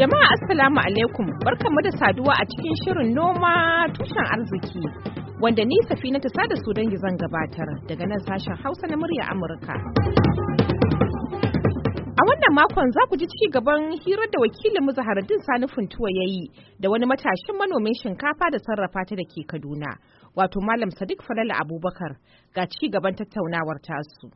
Jama'a Assalamu alaikum barkanmu da saduwa a cikin shirin noma tushen arziki wanda ni safina ta sada su dangi zan gabatar daga nan sashen Hausa na murya Amurka. A wannan makon za ku ji ci gaban hirar da wakilin mu Zaharaddin Sani Funtuwa ya yi da wani matashin manomin shinkafa da sarrafa ta da ke Kaduna, wato Malam Sadiq Falala Abubakar ga ci gaban tattaunawar tasu.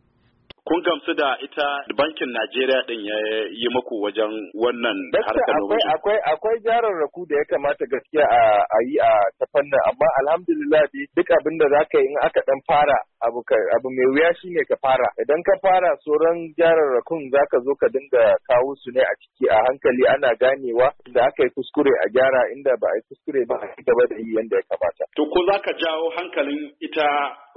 kun gamsu da ita bankin Najeriya din ya yi muku wajen wannan harkar akwai akwai akwai jararraku da ya kamata gaskiya a yi a ta fannin amma alhamdulillah duk abin da zaka yi in aka dan fara abu abu mai wuya shine ka fara idan ka fara sauran jararrakun zaka zo ka dinga kawo su ne a ciki a hankali ana ganewa da aka yi kuskure a gyara inda ba a yi kuskure ba a gaba da yi yanda ya kamata to ko zaka jawo hankalin ita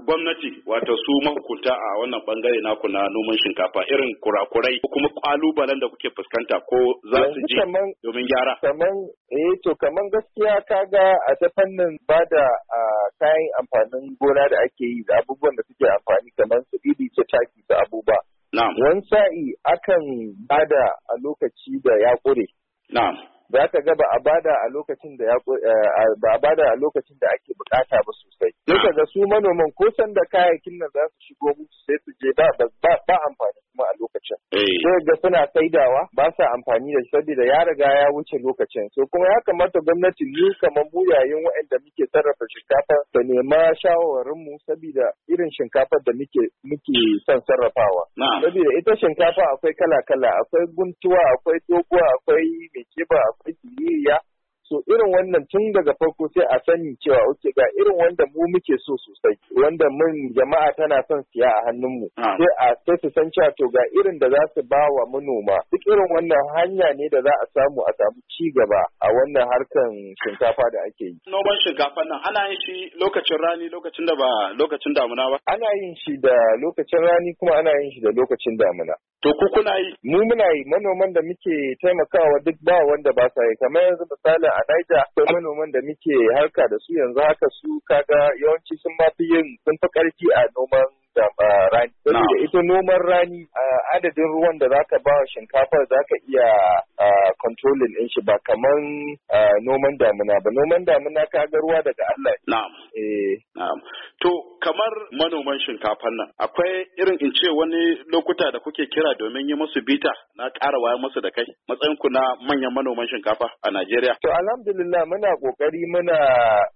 gwamnati wato su mahukunta a wannan bangare naku na noman shinkafa irin kurakurai ko kuma kalubalen da kuke fuskanta ko za su ji domin gyara kaman eh to kaman gaskiya kaga a ta fannin bada ah, kayan amfanin gona da ake yi da abubuwan da suke amfani kamar su iri ta taki ta abubuwa. Wani sa'i akan bada a lokaci da ya ƙure. Za ka ga ba a bada a lokacin da eh, a bada a ake bukata ba sosai. Sai ka ga su manoman ko sanda kayayyakin nan za su shigo musu sai su je ba ba amfani. lokacin. Eh. Sai ga suna saidawa ba sa amfani da shi saboda ya riga ya wuce lokacin. So kuma ya kamata gwamnati mu kamar buyayen waɗanda muke sarrafa shinkafa ta nema shawarwarin mu saboda irin shinkafar da muke muke son sarrafawa. Saboda ita shinkafa akwai kala-kala akwai guntuwa akwai doguwa akwai mai keba akwai kiriya so irin wannan tun daga farko sai a sani cewa oke ga irin wanda mu muke so sosai wanda mun jama'a tana son siya a hannunmu ah. sai a sai su san cewa to ga irin da za su ba wa manoma duk irin wannan hanya ne da za a samu a samu ci gaba a wannan harkan shinkafa da ake yi noman shinkafa nan ana yin shi lokacin rani lokacin da ba lokacin damuna ba ana yin shi da lokacin rani kuma ana yin shi da lokacin damuna to ku kuna yi mu muna yi manoman da muke taimakawa duk ba wanda ba sa yi kamar yanzu misalin a Niger to manoman da muke harka da su yanzu haka su kaga yawanci sun ma fi yin sun fi karfi a noman da rani. Saboda ita noman rani adadin ruwan da zaka ba shinkafar zaka iya controlling in shi ba kamar noman damina ba. Noman damina ka ga ruwa daga Allah. Na'am. Eh. Na'am. To kamar manoman shinkafar nan akwai irin in ce wani lokuta da kuke kira domin yi musu bita na ƙara waya musu da kai matsayin ku na manyan manoman shinkafa a Najeriya. To alhamdulillah muna kokari muna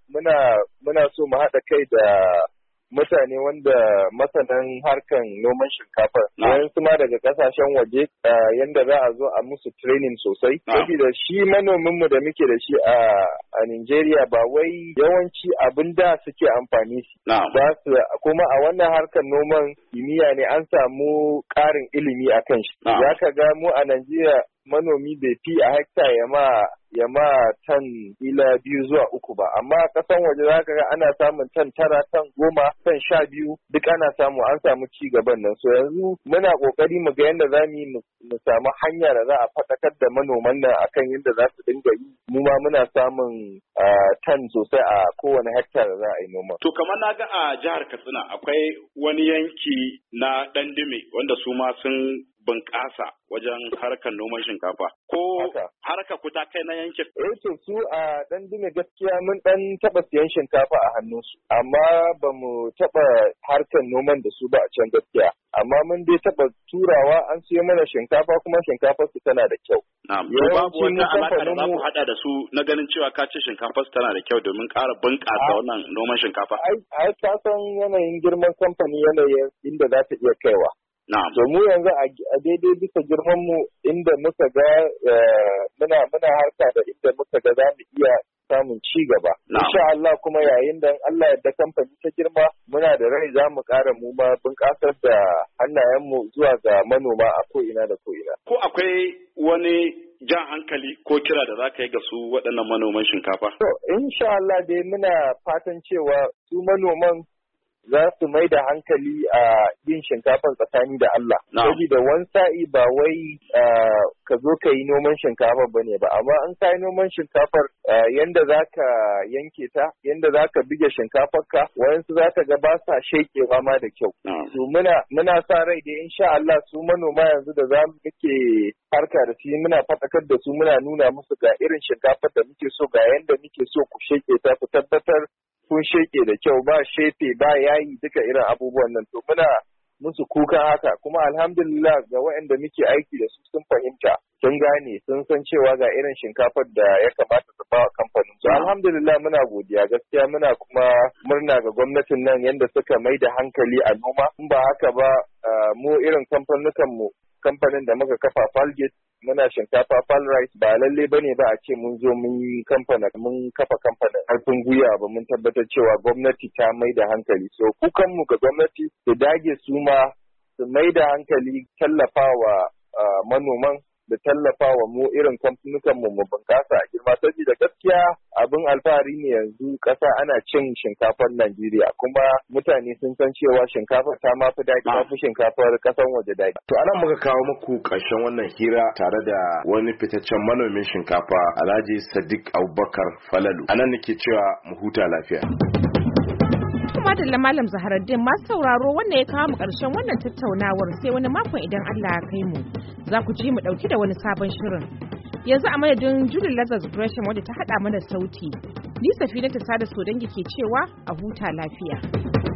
muna muna so mu haɗa kai da mutane wanda masanan harkan noman shinkafa yawansu ma daga kasashen waje yanda za a zo a musu training sosai saboda shi manomin mu da muke da shi a Nigeria ba wai yawanci abin da suke amfani shi ba su kuma a wannan harkan noman kimiyya ne an samu Karin ilimi akan shi zaka ga mu a Najeriya manomi bai fi a hekta ya ma ya ma tan ila biyu zuwa uku ba amma kasan waje za ka ga ana samun tan tara tan goma tan sha biyu duk ana samu an samu ci gaban nan so yanzu muna kokari mu ga yadda za mu yi mu samu hanya da za a faɗakar da manoman nan akan yadda za su dinga yi mu ma muna samun tan sosai a kowane hektar da za a yi noma. To kamar na ga a jihar Katsina akwai wani yanki na Dandime wanda su ma sun bunƙasa wajen harkar noman shinkafa. Ko harka ku ta kai na yankin? Eh to su a ɗan dume gaskiya mun ɗan taɓa siyan shinkafa a hannunsu, amma ba mu taɓa harkar noman da su ba a can gaskiya. Amma mun dai taɓa turawa an siyo mana shinkafa kuma shinkafar su tana da kyau. Na'am, to babu wani alaƙa da za ku haɗa da su na ganin cewa ka ce shinkafar su tana da kyau domin ƙara bunƙasa wannan noman shinkafa. Ai, ka san yanayin girman kamfani yanayin inda za ta iya kaiwa. To mu yanzu a daidai bisa girmanmu inda muka ga eh, muna muna harka da inda muka ga za mu iya samun ci gaba. Insha Allah kuma yayin da Allah da kamfani ta girma muna da rai za mu ƙara mu ma bunƙasar da hannayenmu zuwa ga manoma a ko ina da ko ina. Ko akwai wani jan hankali ko kira da za ka yi ga su waɗannan manoman shinkafa? To, insha Allah dai muna fatan cewa su manoman za su mai da hankali a yin shinkafar tsakani da Allah. Saboda wani sa'i ba wai ka zo ka yi noman shinkafar ba ne ba, amma an sa noman shinkafar yanda za ka yanke ta, yanda za ka bige shinkafar ka, wayansu za ka ga ba sa shekewa ma da kyau. Su muna sa rai da insha Allah su manoma yanzu da za mu kake harka da su muna faɗakar da su muna nuna musu ga irin shinkafar da muke so ga yanda muke so ku sheke ta ku tabbatar sun sheke da kyau ba shefe ba yayi duka irin abubuwan nan to muna musu kuka haka kuma alhamdulillah ga waɗanda muke aiki da su sun fahimta sun gane sun san cewa ga irin shinkafar da ya kamata su bawa kamfanin su alhamdulillah muna godiya gaskiya muna kuma murna ga gwamnatin nan yadda suka mai da hankali a noma in ba haka ba eh, mu irin kamfanukan mu kamfanin da muka kafa Falgate muna shinkafa fall ba lalle ba ne ba a ce mun zo mun yi kamfana mun kafa kamfanin harfin gwiwa ba mun tabbatar cewa gwamnati ta mai da hankali so kukanmu ga gwamnati su dage su ma su mai da hankali tallafawa ah, manoman da tallafa wa mu irin kamfanukan mu mu bunƙasa a girma da gaskiya abin alfahari ne yanzu ƙasa ana cin shinkafar Najeriya kuma mutane sun san cewa shinkafar ta ma fi daɗi mafi shinkafar ƙasan waje daɗi. To anan muka kawo muku ƙarshen wannan hira tare da wani fitaccen manomin shinkafa Alhaji Sadiq Abubakar Falalu. a nan nake cewa mu huta lafiya. madalla malam zaharaddin masu sauraro wannan ya kawo mu karshen wannan tattaunawar sai wani makon idan Allah ya kai mu za ku ji mu dauki da wani sabon shirin yanzu a madadin Julie Lazarus Gresham wadda ta hada mana sauti ni na ta sada so dangi ke cewa a huta lafiya